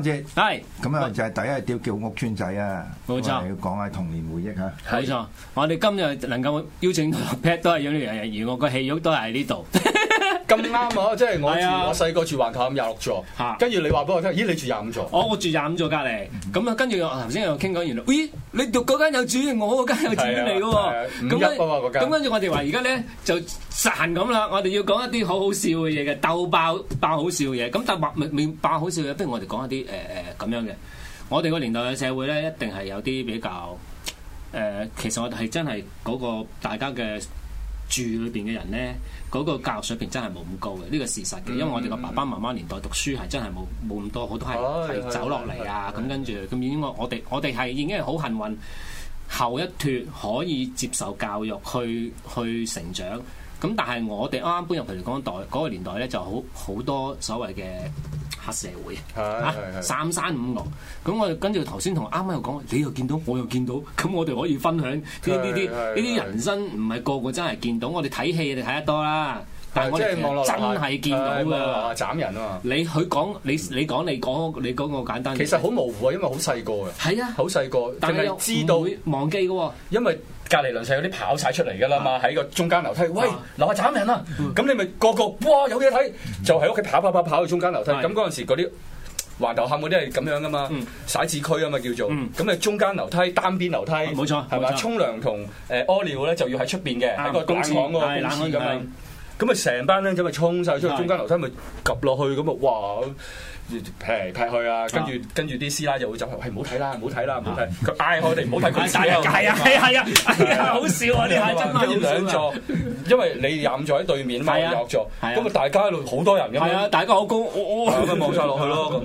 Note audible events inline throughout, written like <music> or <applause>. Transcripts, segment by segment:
係，咁啊、嗯嗯、就係第一日叫叫屋村仔啊，冇錯錯，要講下童年回憶吓。冇錯的，嗯、我哋今日能夠邀請 Pat 都係要呢樣嘢，而我個戲肉都係呢度。 <laughs> 咁啱 <laughs> 啊！即係我住、 <laughs> 啊、我細個住橫頭磡咁廿六座，跟住你話俾我聽，咦？你住廿五座？ <laughs> 嗯嗯、我住廿五座隔籬。咁啊，跟住我頭先又傾講完啦。咦？你讀嗰間有主，我個間有主。嚟嘅、啊？咁、啊啊、跟住我哋話，而家咧就實行咁啦。我哋要講一啲好好笑嘅嘢嘅，鬥爆爆好笑嘅嘢。咁鬥爆好笑嘅嘢，不如我哋講一啲誒誒咁樣嘅。我哋個年代嘅社會咧，一定係有啲比較誒、呃，其實我哋係真係嗰個大家嘅住裏邊嘅人咧。嗰個教育水平真係冇咁高嘅，呢個事實嘅，因為我哋個爸爸媽媽年代讀書係真係冇冇咁多，好多係係走落嚟啊！咁跟住咁已經我哋我哋係已經係好幸運，後一脫可以接受教育去去成長。咁但係我哋啱啱搬入葵涌嗰代嗰個年代咧，就好好多所謂嘅。黑社會的啊，三山五岳。咁我跟住頭先同啱啱又講，你又見到，我又見到，咁我哋可以分享呢啲呢啲人生，唔係個個真係見到，我哋睇戲你睇得多啦。但係我真係真係見到啊！斬人啊嘛！你佢講你你講你講你講個簡單。其實好模糊啊，因為好細個啊。係啊，好細個。但係知道忘記嘅喎，因為隔離鄰舍有啲跑晒出嚟㗎啦嘛，喺個中間樓梯。喂，樓下斬人啊！咁你咪個個哇有嘢睇，就喺屋企跑跑跑跑去中間樓梯。咁嗰陣時嗰啲橫頭磡嗰啲係咁樣㗎嘛，徙置區啊嘛叫做。咁啊，中間樓梯、單邊樓梯，冇錯係嘛？沖涼同誒屙尿咧就要喺出邊嘅，喺個冷房嗰個公廁咁樣。咁啊，成班咧咁咪衝晒出去，中間樓梯咪夾落去，咁啊，哇，劈嚟劈去啊！跟住跟住啲師奶就會走，係唔好睇啦，唔好睇啦，唔好睇！佢嗌我哋唔好睇佢。係啊係啊係啊，好笑啊！呢下真係好笑啊！兩座，因為你廿五座喺對面啦嘛，廿六座。咁啊，大家喺度好多人嘅嘛。係啊，大家好高，我我望晒落去咯咁。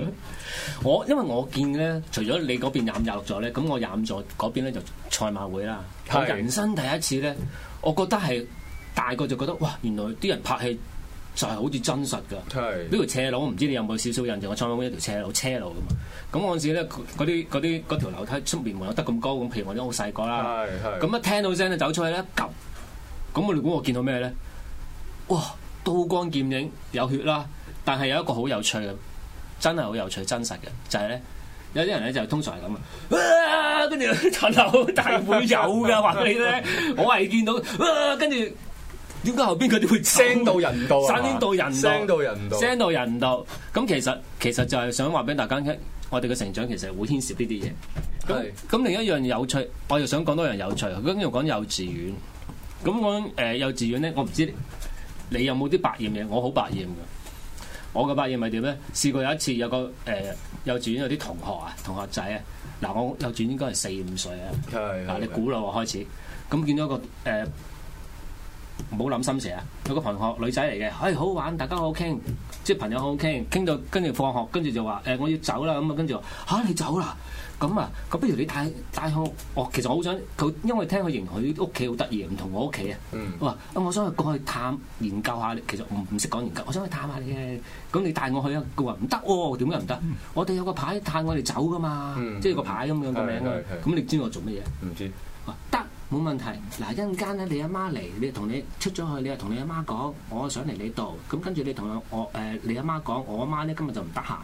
我因為我見咧，除咗你嗰邊廿五、廿六座咧，咁我廿五座嗰邊咧就賽馬會啦。我人生第一次咧，我覺得係。大個就覺得哇，原來啲人拍戲就係好似真實噶。呢是條斜路，我唔知你有冇少少印象？我創到一條斜路、斜路噶嘛。咁陣時咧，嗰啲嗰啲嗰條樓梯出面冇得咁高。咁譬如我啲好細個啦。係咁一聽到聲走出去咧一咁我哋估我見到咩咧？哇！刀光劍影有血啦，但係有一個好有趣嘅，真係好有趣真實嘅，就係、是、咧，有啲人咧就通常係咁啊，跟住屯樓大會有噶，話俾你咧， <laughs> 我係見到，啊、跟住。點解後邊佢哋會聲到人到？散到 <laughs> 人到？聲到人度，聲到人度。咁其實其實就係想話俾大家聽，我哋嘅成長其實會牽涉呢啲嘢。係咁是，另一樣有趣，我又想講多樣有趣。跟住講幼稚園。咁講誒，幼稚園咧，我唔知你有冇啲百厭嘢？我好百厭嘅。我嘅百厭係點咧？試過有一次有一，有個誒幼稚園有啲同學啊，同學仔啊，嗱、呃，我幼稚園應該係四五歲啊。係嗱的、嗯，你估下我開始，咁見到一個誒。呃呃唔好諗心事啊！有個同學女仔嚟嘅，唉、哎，好玩，大家好好傾，即係朋友好好傾，傾到跟住放學，跟住就話誒，我要走啦咁啊，跟住話吓你走啦，咁啊，咁不如你帶帶我、哦，其實我好想，佢因為聽佢形容佢屋企好得意，唔同的我屋企啊，我話、嗯、我想去過去探，探研究下你，其實唔唔識講研究，我想去探下你嘅，咁、嗯、你帶我去啊？佢話唔得喎，點解唔得？嗯、我哋有個牌帶我哋走噶嘛，即係、嗯嗯、個牌咁樣個名啊，咁你知我做乜嘢？唔知、嗯。 <noise> <noise> 冇問題，嗱一陣間咧，你阿媽嚟，你同你出咗去，你又同你阿媽講，我想嚟你度，咁跟住你同我誒你阿媽講，我阿、呃、媽咧今日就唔得閒，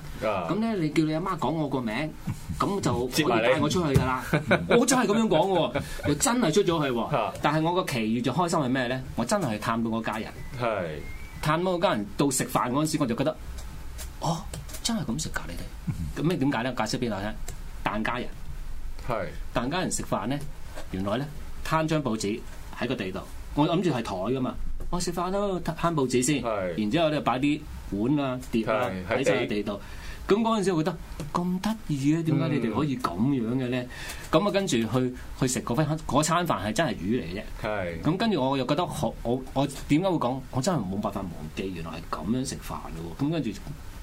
咁咧、啊、你叫你阿媽講我個名，咁 <laughs> 就可以帶我出去噶啦。我真係咁樣講喎，又真係出咗去喎。但係我個奇遇就開心係咩咧？我真係探到我家人，係是探到我家人到食飯嗰陣時，我就覺得，哦，真係咁食㗎你哋。」咁你點解咧？解釋俾我聽，疍家人係疍是家人食飯咧，原來咧。攤張報紙喺個地度，我諗住係枱噶嘛，我食飯都攤報紙先，對然之後咧擺啲碗啊碟啊喺晒喺地度。咁嗰陣時我覺得咁得意啊，點解你哋可以咁樣嘅咧？咁啊、嗯、跟住去去食嗰餐飯係真係魚嚟嘅啫。咁對跟住我又覺得好，我我點解會講，我真係冇辦法忘記，原來係咁樣食飯嘅喎。咁跟住。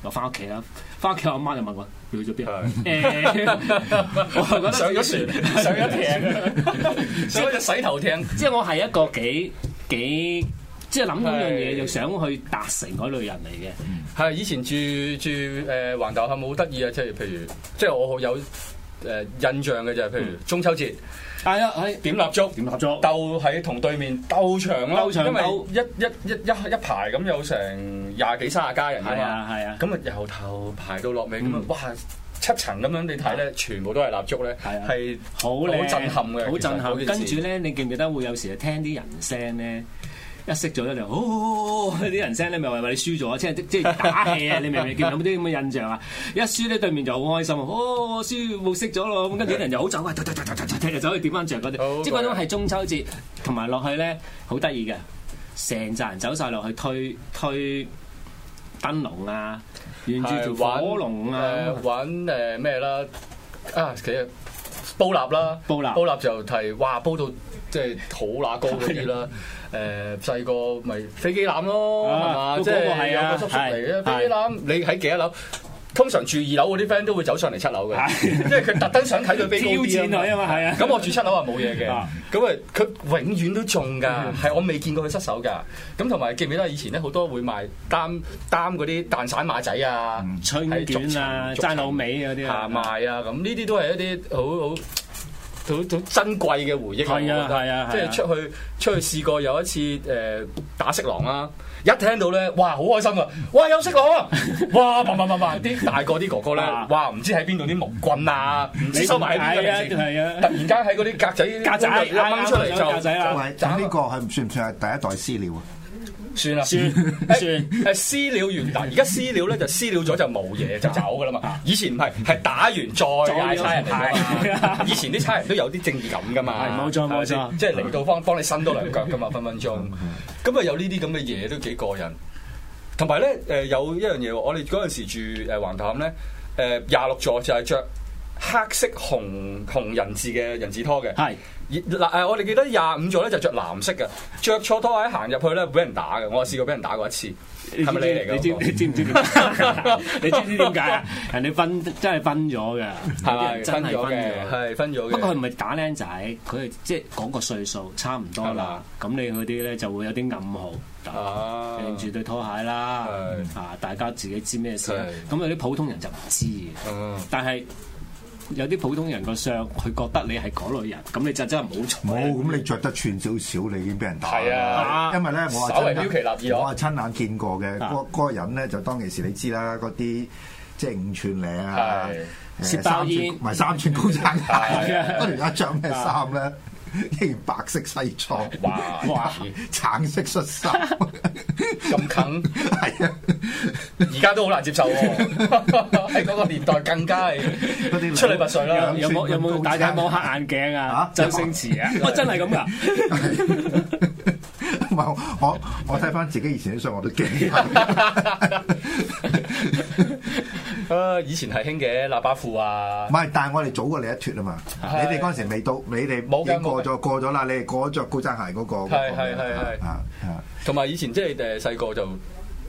我翻屋企啦，翻屋企我阿媽就問我你去咗邊？我係覺得上咗船， <laughs> 上咗艇，所以就洗頭艇。即係我係一個幾幾，即係諗到樣嘢就是的 想去達成嗰類人嚟嘅。係以前住住誒、呃、橫頭磡好得意啊！即係譬如，即係我好有。誒印象嘅就係，譬如中秋節，係啊係點蠟燭，點蠟燭鬥喺同對面鬥長啦，因為一一一一一排咁有成廿幾三十家人嘅嘛，係啊咁啊由頭排到落尾咁啊，哇七層咁樣你睇咧，全部都係蠟燭咧，係啊係好好震撼嘅，好震撼。跟住咧，你記唔記得會有時聽啲人聲咧？一熄咗咧就，哦！啲人聲咧咪話話你輸咗，即係即係打氣啊！你明唔明？見到啲咁嘅印象啊？一輸咧對面就好開心啊！哦，我輸冇熄咗咯，咁跟住啲人就好走，喂！踢踢踢踢踢就走去點翻著嗰啲。 <music> 即係嗰種係中秋節同埋落去咧，好得意嘅，成扎人走晒落去推推燈籠啊，完住仲火龍啊，玩誒咩啦？啊，其實煲蠟啦，煲蠟立煲蠟就提哇，煲到～即係土乸哥嗰啲啦，誒細個咪飛機攬咯，係嘛？即係有個執出嚟嘅飛機攬，你喺幾多樓？通常住二樓嗰啲 friend 都會走上嚟七樓嘅，因為佢特登想睇佢飛機啊嘛，係啊！咁我住七樓啊，冇嘢嘅，咁啊佢永遠都中㗎，係我未見過佢失手㗎。咁同埋記唔記得以前咧好多會賣擔擔嗰啲蛋散馬仔啊、春卷啊、扎牛尾嗰啲啊賣啊，咁呢啲都係一啲好好。好珍貴嘅回憶係啊，係啊， <music> 即係出去出去試過有一次誒、呃、打色狼啦！一聽到咧，哇好開心啊！哇有色狼，哇砰砰砰啲大個啲哥哥咧，哇唔知喺邊度啲木棍啊，唔知收埋喺邊度先，突然間喺嗰啲格仔格仔掹出嚟，就就咁呢個係唔算唔算係第一代私料。啊？算啦，算算，誒私了完但而家私了咧就私了咗就冇嘢就走噶啦嘛。以前唔係，係打完再嗌差人嚟。以前啲差人都有啲正義感噶嘛。係冇錯冇錯，即係嚟到幫幫你伸多兩腳噶嘛，分分鐘。咁啊有呢啲咁嘅嘢都幾過癮。同埋咧，誒有一樣嘢，我哋嗰陣時住誒橫頭磡咧，誒廿六座就係着黑色紅紅人字嘅人字拖嘅。係。嗱誒，我哋記得廿五座咧就着藍色嘅，着錯拖鞋行入去咧會俾人打嘅。我係試過俾人打過一次，係咪你嚟㗎？你知你知唔知點？你知唔知點解啊？人哋分真係分咗嘅，係真係分咗嘅，係分咗嘅。不過佢唔係打僆仔，佢係即係講個歲數差唔多啦。咁你嗰啲咧就會有啲暗號，掟住對拖鞋啦。啊，大家自己知咩事？咁有啲普通人就唔知但係。有啲普通人個相，佢覺得你係嗰類人，咁你就真係冇錯。冇，咁你着得串少少，你已經俾人打。係啊，因為咧，我係親眼見過嘅。嗰個人咧，就當其時你知啦，嗰啲即係五寸領啊，三寸唔係三寸高踭鞋。不過而家着咩衫咧？一件白色西裝，哇！橙色恤衫，咁緊。而家都好難接受喎，喺嗰個年代更加係 <laughs> 出嚟拔帥啦！有冇有冇戴眼網黑眼鏡啊，啊？周星馳啊？哇！真係咁噶？我我我睇翻自己以前啲相，我都驚，以前係興嘅喇叭褲啊，唔係，但係我哋早過你一脱啊嘛！是的 你哋嗰陣時未到，你哋冇經過咗過咗啦，你哋過咗著高踭鞋嗰個，係係係同埋以前即係誒細個就。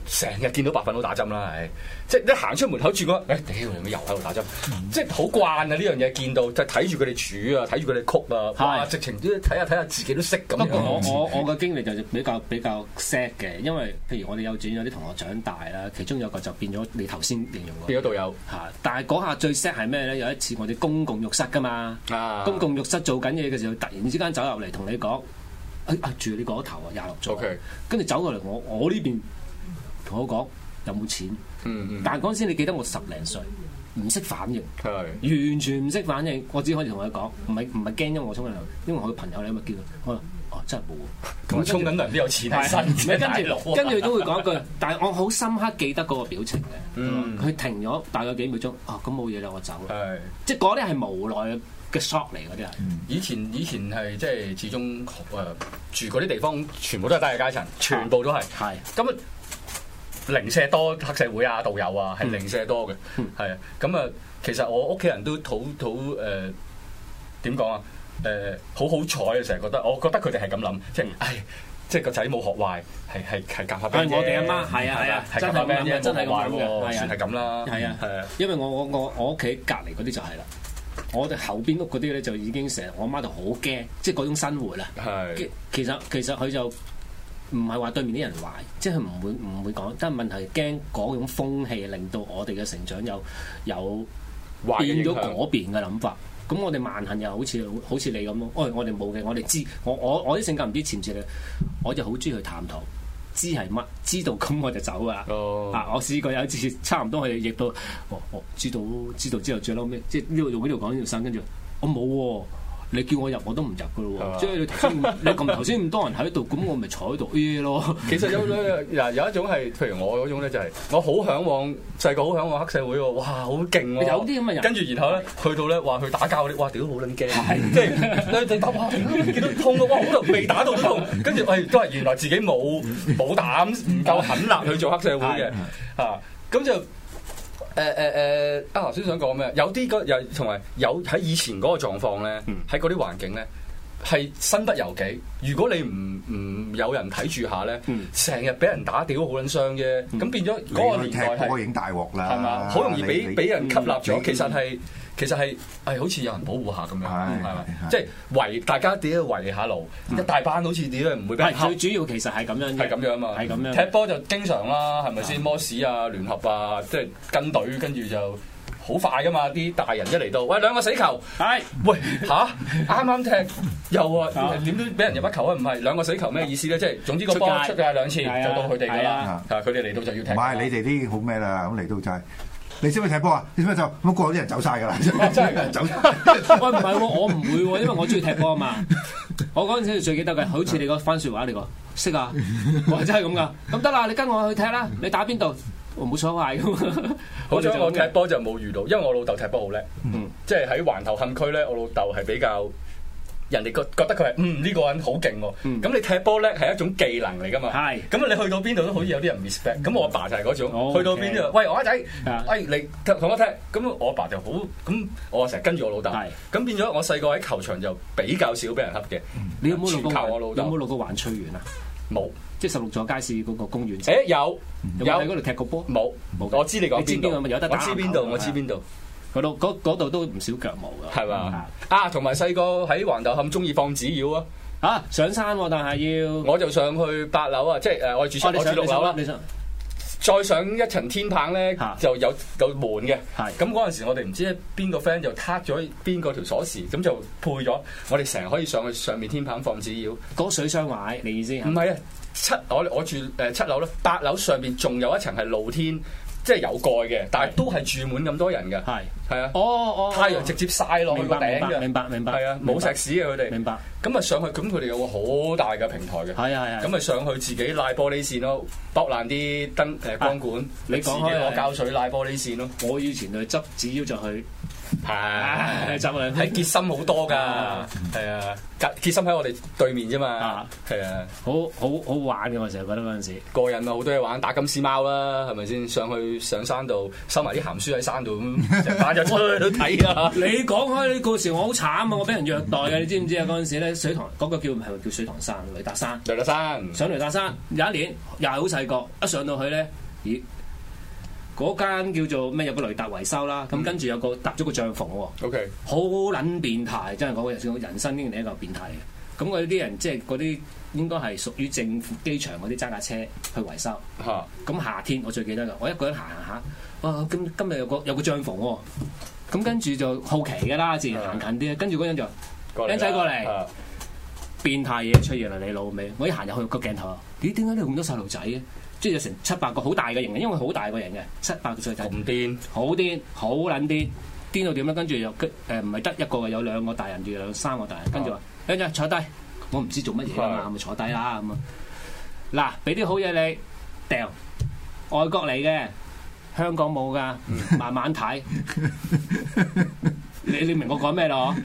成日見到白粉佬打針啦，係即係你行出門口住個，誒又喺度打針，嗯、即係好慣啊，呢樣嘢見到就睇住佢哋煮啊，睇住佢哋曲啊，是直情都要睇下睇下自己都識咁。不過我、嗯、我我嘅經歷就比較比較 sad 嘅，因為譬如我哋幼稚園有啲同學長大啦，其中有一個就變咗你頭先形容嘅變咗導遊。但係嗰下最 sad 係咩咧？有一次我哋公共浴室㗎嘛，啊、公共浴室做緊嘢嘅時候，突然之間走入嚟同你講，誒、哎、住你嗰頭啊廿六座，跟住 Okay. 走過嚟我我呢邊。同我講有冇錢？但係嗰陣時，你記得我十零歲，唔識反應，完全唔識反應。我只可以同佢講，唔係唔係驚，因為我沖緊涼，因為我個朋友咧咪叫佢，我哦真係冇。咁沖緊涼都有錢喺身，跟住跟住都會講一句。但係我好深刻記得嗰個表情嘅，佢停咗大概幾秒鐘，啊咁冇嘢啦，我走啦。即係嗰啲係無奈嘅 shock 嚟，嗰啲係。以前以前係即係始終誒住嗰啲地方，全部都係低級階層，全部都係係咁。零舍多黑社會啊，導遊啊，係零舍多嘅，係啊，咁啊，其實我屋企人都好好誒點講啊，誒好好彩啊，成日覺得，我覺得佢哋係咁諗，即係，唉，即係個仔冇學壞，係係係夾下。係、嗯、我哋阿媽，係啊係啊，啊啊真係咁樣、啊，壞真係咁、啊、算係咁啦。係啊，因為我我我我屋企隔籬嗰啲就係啦，我哋、就是、後邊屋嗰啲咧就已經成日我阿媽就好驚，即係嗰種生活啦、啊。係，其實其實佢就。唔係話對面啲人壞，即係佢唔會唔會講，但係問題係驚嗰種風氣令到我哋嘅成長有有變咗嗰邊嘅諗法。咁我哋萬幸又好似好似你咁咯、哎。我哋冇嘅，我哋知我我我啲性格唔知潛唔潛嘅，我就好中意去探討，知係乜知道咁我就走噶啦、oh. 啊。我試過有一次差唔多，我哋亦都哦哦，知道知道之後，最嬲咩？即係呢度用呢度講呢條生？跟住我冇喎。哦哦你叫我入我都唔入噶咯喎，的即係你咁頭先咁多人喺度，咁我咪坐喺度依咯。 <laughs> 其實有嗱有，有一種係，譬如我嗰種咧就係、是、我好向往細個好向往黑社會喎，哇好勁喎。哦、有啲咁嘅人。跟住然後咧去到咧話去打交嗰啲，哇屌好撚驚，即係、 <laughs> 就是、你哋打拍見到痛咯，哇好多未打到都痛，跟住喂都係原來自己冇冇膽，唔夠狠辣去做黑社會嘅嚇，咁就。 <laughs> 的的誒誒誒，啊頭先想講咩？有啲個又同埋有喺以前嗰個狀況咧，喺嗰啲環境咧係身不由己。如果你唔唔有人睇住下咧，成日俾人打屌，好撚傷啫。咁變咗嗰個年代係已經大鑊啦，係嘛？好容易俾俾你人吸納咗。其實係。其實係係好似有人保護下咁樣，係即係圍大家點樣圍你下路，一大班好似點樣唔會俾。係最主要其實係咁樣，係咁樣啊嘛，係咁樣。踢波就經常啦，係咪先？摩士啊，聯合啊，即係跟隊跟住就好快噶嘛。啲大人一嚟到，喂兩個死球，係喂吓，啱啱踢又點都俾人入一球啊？唔係兩個死球咩意思咧？即係總之個波出界兩次就到佢哋啦。係佢哋嚟到就要踢。唔係你哋啲好咩啦？咁嚟到就係。你識唔識踢波啊？你識唔識走，咁過咗啲人走晒噶啦，真係人走。喂、 <laughs> 哎，唔係、哦、我唔會、哦，因為我中意踢波啊嘛。我嗰陣時最記得嘅，好似你個番薯話你個，識啊，我真係咁噶。咁得啦，你跟我去踢啦。你打邊度？我冇所謂。嗯、好彩我踢波就冇遇到，因為我老豆踢波好叻。嗯，即係喺橫頭磡區咧，我老豆係比較。人哋覺覺得佢係嗯，呢個人好勁喎，咁你踢波叻係一種技能嚟㗎嘛。係，咁你去到邊度都好似有啲人 respect。咁我阿爸就係嗰種，去到邊度喂，我阿仔，喂，你同我踢。咁我阿爸就好，咁我成日跟住我老豆。咁變咗我細個喺球場就比較少俾人恰嘅。你有冇落過，有冇落過環翠園啊？冇，即係十六座街市嗰個公園。誒有有喺嗰度踢過波？冇冇。我知你講邊度？我知邊度？我知邊度？嗰度度都唔少腳毛嘅，係嘛吧、嗯、啊！同埋細個喺橫頭磡中意放紙鷂啊！啊，上山、啊、但係要我就上去八樓啊，即係誒我住、哦、上我住六樓啦、啊，你上你上再上一層天棚咧、啊、就有有門嘅。咁嗰陣時我哋唔知邊個 friend 就卡咗邊個條鎖匙，咁就配咗我哋成日可以上去上面天棚放紙鷂。嗰水箱壞，你意思？唔係啊，七我我住誒、呃、七樓啦，八樓上邊仲有一層係露天。即係有蓋嘅，但係都係住滿咁多人嘅。係係啊，哦哦，太陽直接曬落去個頂嘅，明白明白，明白，係啊，冇石屎嘅佢哋。明白。咁啊上去，咁佢哋有個好大嘅平台嘅。係啊係啊。咁咪上去自己拉玻璃線咯，剝爛啲燈誒光管，你自己攞膠水拉玻璃線咯。我以前就執，主要就去，係執兩喺結心好多㗎，係啊。決心喺我哋對面啫嘛，係啊，的好好好玩嘅，我成日覺得嗰陣時過癮啊，好多嘢玩，打金絲貓啦，係咪先？上去上山度收埋啲鹹書喺山度咁，日日坐喺度睇啊！你講開你嗰時候，我好慘啊，我俾人虐待啊。你知唔知啊？嗰陣時咧，水塘嗰個叫唔係叫水塘山，雷達山，雷達山，上雷達山，有一年又係好細個，一上到去咧，咦？嗰間叫做咩有個雷達維修啦，咁、嗯、跟住有個搭咗個帳篷、喔，好捻 Okay. 變態，真係講人生已經係一個變態嘅。咁我啲人即係嗰啲應該係屬於政府機場嗰啲揸架車去維修。咁、啊、夏天我最記得噶，我一個人行行下，哇！今今日有個有個帳篷、喔，咁跟住就好奇噶啦，自然行近啲，啊、跟住嗰人就，靚仔過嚟，過啊、變態嘢出現啦！你老味，我一行入去個鏡頭，咦？點解你咁多細路仔嘅？即係成七百個好大嘅人，因為好大個型嘅七百個細弟，好癲，好撚癲，癲到點樣？跟住又誒，唔係得一個，有兩個大人，住有三個大人，跟住話：跟住坐低，我唔知做乜嘢啊嘛，咪坐低啦咁啊！嗱，俾啲好嘢你，掉，外國嚟嘅，香港冇噶，慢慢睇，你你明我講咩咯？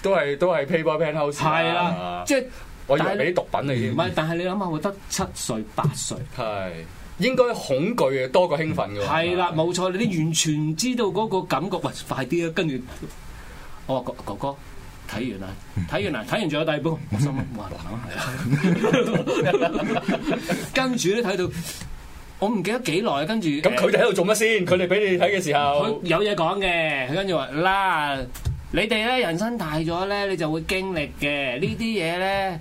都係都係 paper pen house，係啦，即係。我以為俾啲毒品你添，唔係，但係你諗下，我得七歲八歲，係應該恐懼嘅多過興奮嘅，係啦，冇錯，你完全知道嗰個感覺，喂，快啲啦，跟住我話哥哥，睇完啦，睇完啦，睇完仲有第二部，我心諗難啊，媽媽哈哈，跟住都睇到，我唔記得幾耐，跟住咁佢哋喺度做乜先？佢哋俾你睇嘅時候，嗯、有嘢講嘅，跟住話啦。你哋咧人生大咗咧，你就會經歷嘅呢啲嘢咧，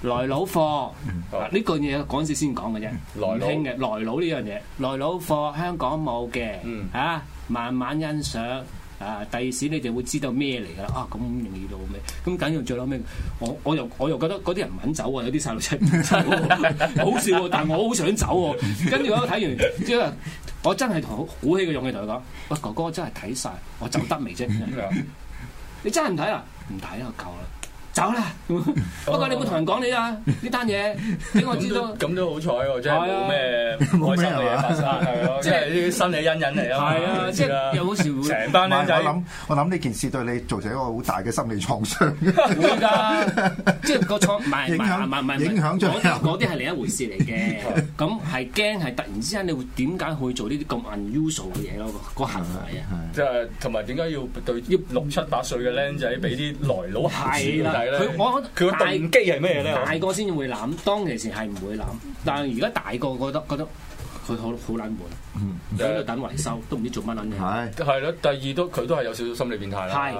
來老貨，呢、 <laughs> 啊呢個嘢講時先講嘅啫，唔聽嘅來老呢樣嘢，來老貨香港冇嘅，嚇、 <laughs> 啊、慢慢欣賞。啊！第二時你哋會知道咩嚟噶啦？啊，咁容易到咩？咁緊要最嬲咩？我我又我又覺得嗰啲人唔肯走啊！有啲細路仔唔走，好笑。但係我好想走喎。跟住我睇完我真係同鼓起個勇氣同佢講：喂、哎，哥哥我真係睇晒，我就得未啫？ <laughs> <laughs> 你真係唔睇啊？唔睇啊！我夠啦～走啦！不過你冇同人講你啊，呢單嘢點我知道？咁都好彩喎，真係冇咩開心嘅嘢發生係咯，即係心理陰影嚟咯。係啊，即係有好事會成班僆仔。我諗，我諗呢件事對你造成一個好大嘅心理創傷嘅，會㗎。即係個創唔係唔係唔係影響咗嗰啲係另一回事嚟嘅。咁係驚係突然之間你會點解去做呢啲咁 unusual 嘅嘢咯？嗰行為啊，即係同埋點解要對啲六七八歲嘅僆仔俾啲來佬係啦。佢我佢個動機係咩咧？大個先會諗，當其時係唔會諗。但係而家大個覺得覺得佢好好撚悶，喺度、嗯、等維修都唔知做乜撚嘢。係係咯，第二都佢都係有少少心理變態啦。係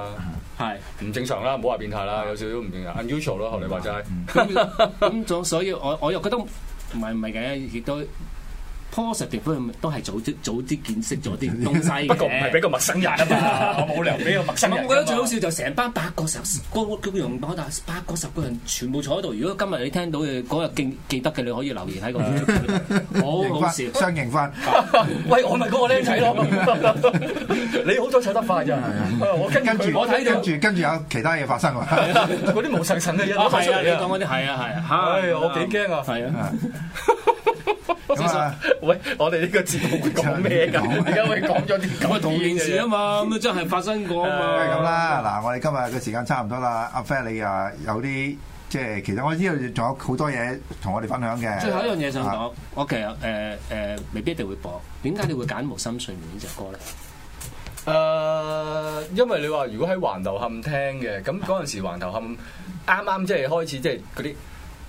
係唔正常啦，唔好話變態啦，的有少少唔正常。Unusual 咯的，學你話齋。咁咁、嗯， <laughs> 所以，我我又覺得唔係唔係嘅，亦都。positive 都係早啲早啲見識咗啲東西嘅， <laughs> 不過唔係畀個陌生人啊嘛， <laughs> 我冇理由畀個陌生人。我覺得最好笑就成班八個十個幾個人，八個十個人全部坐喺度。如果今日你聽到嘅嗰日記記得嘅，你可以留言喺個。好好笑，相認翻。啊、 <laughs> <laughs> 喂，我咪嗰個僆仔咯。啊、 <laughs> 你好彩坐得快啫，我跟住我睇住跟住有其他嘢發生啊。嗰啲冇神神嘅，係啊，你講嗰啲係啊係。啊。我幾驚啊。係啊。 <laughs> 喂，我哋呢個節目會講咩噶？而家喂，講咗啲咁嘅同件事啊嘛，咁啊真係 <laughs> 發生過啊嘛。咁啦 <laughs> 吧，嗱、嗯，我哋今日嘅時間差唔多啦。阿 Fair，你啊有啲即係，啊、其實我呢度仲有好多嘢同我哋分享嘅。最後一樣嘢想講我，其實誒誒，未必一定會播。點解你會揀《無心睡眠》首呢隻歌咧？誒、呃，因為你話如果喺橫頭磡聽嘅，咁嗰陣時橫頭磡啱啱即係開始，即係嗰啲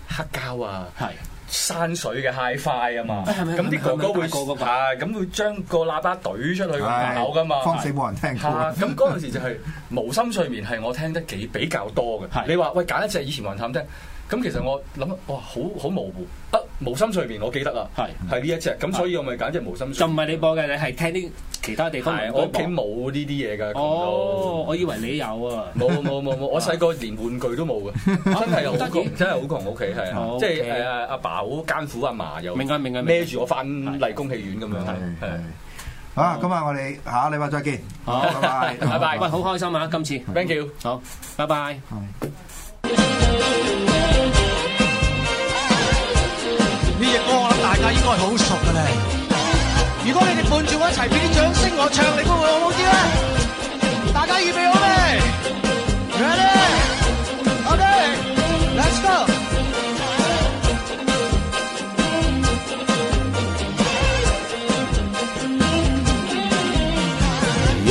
黑膠啊，係的。山水嘅 hi-fi 啊嘛，咁啲、哎、哥哥會係咁會將個喇叭懟出去門口噶嘛，放死冇人聽。咁嗰陣時就係、是、無心睡眠係我聽得幾比較多嘅。是你話喂揀一隻以前雲淡聽。咁其實我諗，哇，好好模糊，啊，無心睡眠，我記得啦，係係呢一隻，咁所以我咪揀隻無心睡眠。就唔係你播嘅，你係聽啲其他地方。係我屋企冇呢啲嘢㗎。哦，我以為你有啊。冇冇冇冇，我細個連玩具都冇嘅，真係好窮，真係好窮屋企係啊。即係阿阿爸好艱苦，阿嫲又，明啊明啊，孭住我翻麗宮戲院咁樣。係係。啊，今晚我哋下禮拜再見。拜拜。拜拜。喂，好開心啊，今次。Thank you。好，拜拜。呢隻歌我諗大家應該係好熟嘅咧， <laughs> 如果你哋伴住我一齊俾啲掌聲，我唱，你會唔會好好啲咧？大家預備好咩？Ready？OK？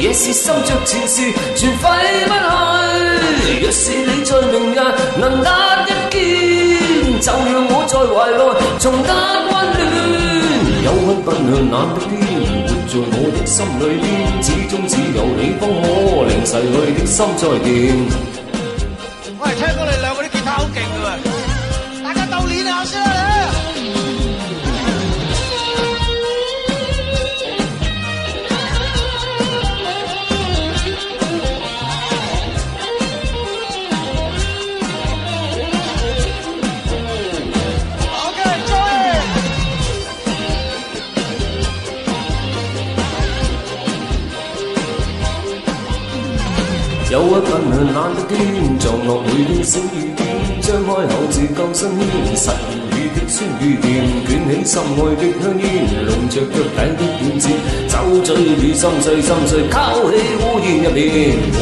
也是心着前事，全揮不去。若是你在明日能得一見，就讓我在懷內重得溫暖。有份奔向藍天，活在我的心裏邊，始終只有你方可令逝去的心再見。有骨氣難一天，撞落每點小雨點，張開口自救生，細雨的酸與甜，捲起心愛的香煙，弄着腳底的軟墊，走醉與心碎心碎，拋起烏煙一片。